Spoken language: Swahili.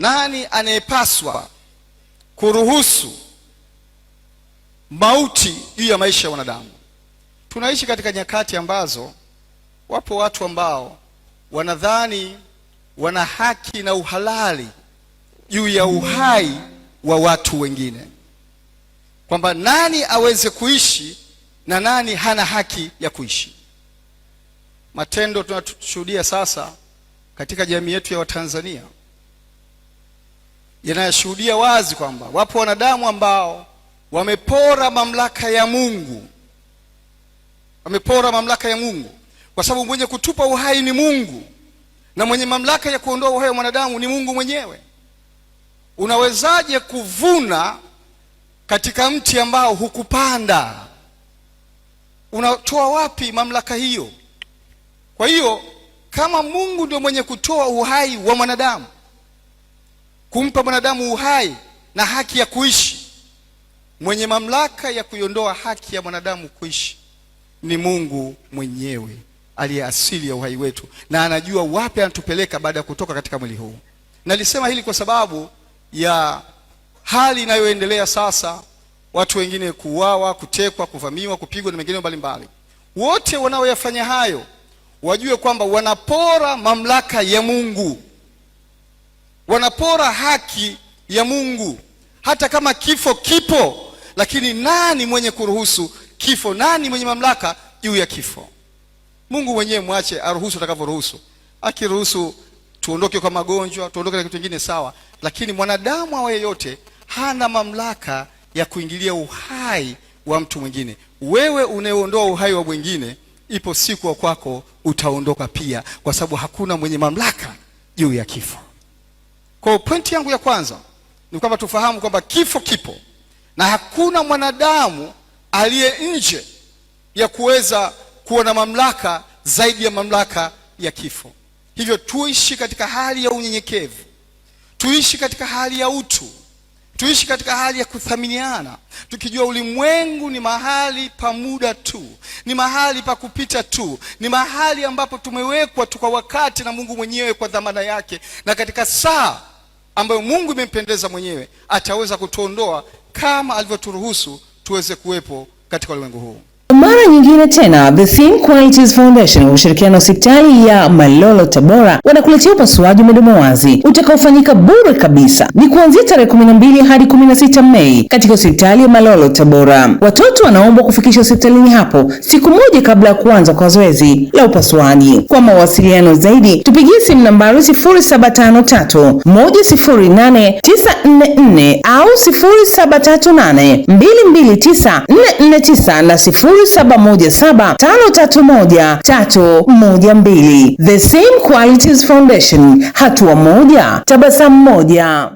Nani anayepaswa kuruhusu mauti juu ya maisha ya wanadamu? Tunaishi katika nyakati ambazo wapo watu ambao wanadhani wana haki na uhalali juu ya uhai wa watu wengine, kwamba nani aweze kuishi na nani hana haki ya kuishi. Matendo tunashuhudia sasa katika jamii yetu ya Watanzania yanayoshuhudia wazi kwamba wapo wanadamu ambao wamepora mamlaka ya Mungu, wamepora mamlaka ya Mungu, kwa sababu mwenye kutupa uhai ni Mungu na mwenye mamlaka ya kuondoa uhai wa mwanadamu ni Mungu mwenyewe. Unawezaje kuvuna katika mti ambao hukupanda? Unatoa wapi mamlaka hiyo? Kwa hiyo kama Mungu ndio mwenye kutoa uhai wa mwanadamu kumpa mwanadamu uhai na haki ya kuishi. Mwenye mamlaka ya kuiondoa haki ya mwanadamu kuishi ni Mungu mwenyewe aliye asili ya uhai wetu, na anajua wapi anatupeleka baada ya kutoka katika mwili huu. Nalisema hili kwa sababu ya hali inayoendelea sasa, watu wengine kuuawa, kutekwa, kuvamiwa, kupigwa na mengine mbalimbali. Wote wanaoyafanya hayo wajue kwamba wanapora mamlaka ya Mungu wanapora haki ya Mungu hata kama kifo kipo, lakini nani mwenye kuruhusu kifo? Nani mwenye mamlaka juu ya kifo? Mungu mwenyewe, mwache aruhusu atakavyoruhusu. Akiruhusu tuondoke kwa magonjwa, tuondoke na kitu kingine, sawa, lakini mwanadamu awa yeyote hana mamlaka ya kuingilia uhai wa mtu mwingine. Wewe unayeondoa uhai wa mwingine, ipo siku wa kwako utaondoka pia, kwa sababu hakuna mwenye mamlaka juu ya kifo. Kwa pointi yangu ya kwanza ni kwamba tufahamu kwamba kifo kipo na hakuna mwanadamu aliye nje ya kuweza kuwa na mamlaka zaidi ya mamlaka ya kifo. Hivyo tuishi katika hali ya unyenyekevu, tuishi katika hali ya utu, tuishi katika hali ya kuthaminiana, tukijua ulimwengu ni mahali pa muda tu, ni mahali pa kupita tu, ni mahali ambapo tumewekwa tu kwa wakati na Mungu mwenyewe kwa dhamana yake, na katika saa ambayo Mungu imempendeza mwenyewe ataweza kutuondoa kama alivyoturuhusu tuweze kuwepo katika ulimwengu huu mara nyingine tena The Thin Qualities Foundation kwa ushirikiano hospitali ya Malolo Tabora wanakuletea upasuaji mdomo wazi utakaofanyika bure kabisa. Ni kuanzia tarehe 12 hadi 16 Mei katika hospitali ya Malolo Tabora. Watoto wanaombwa kufikisha hospitalini hapo siku moja kabla ya kuanza kwa zoezi la upasuaji. Kwa mawasiliano zaidi, tupigie simu nambari 0753 108 au 0738 229 na sifuri 0717531312 The Same Qualities Foundation, hatua moja tabasamu moja.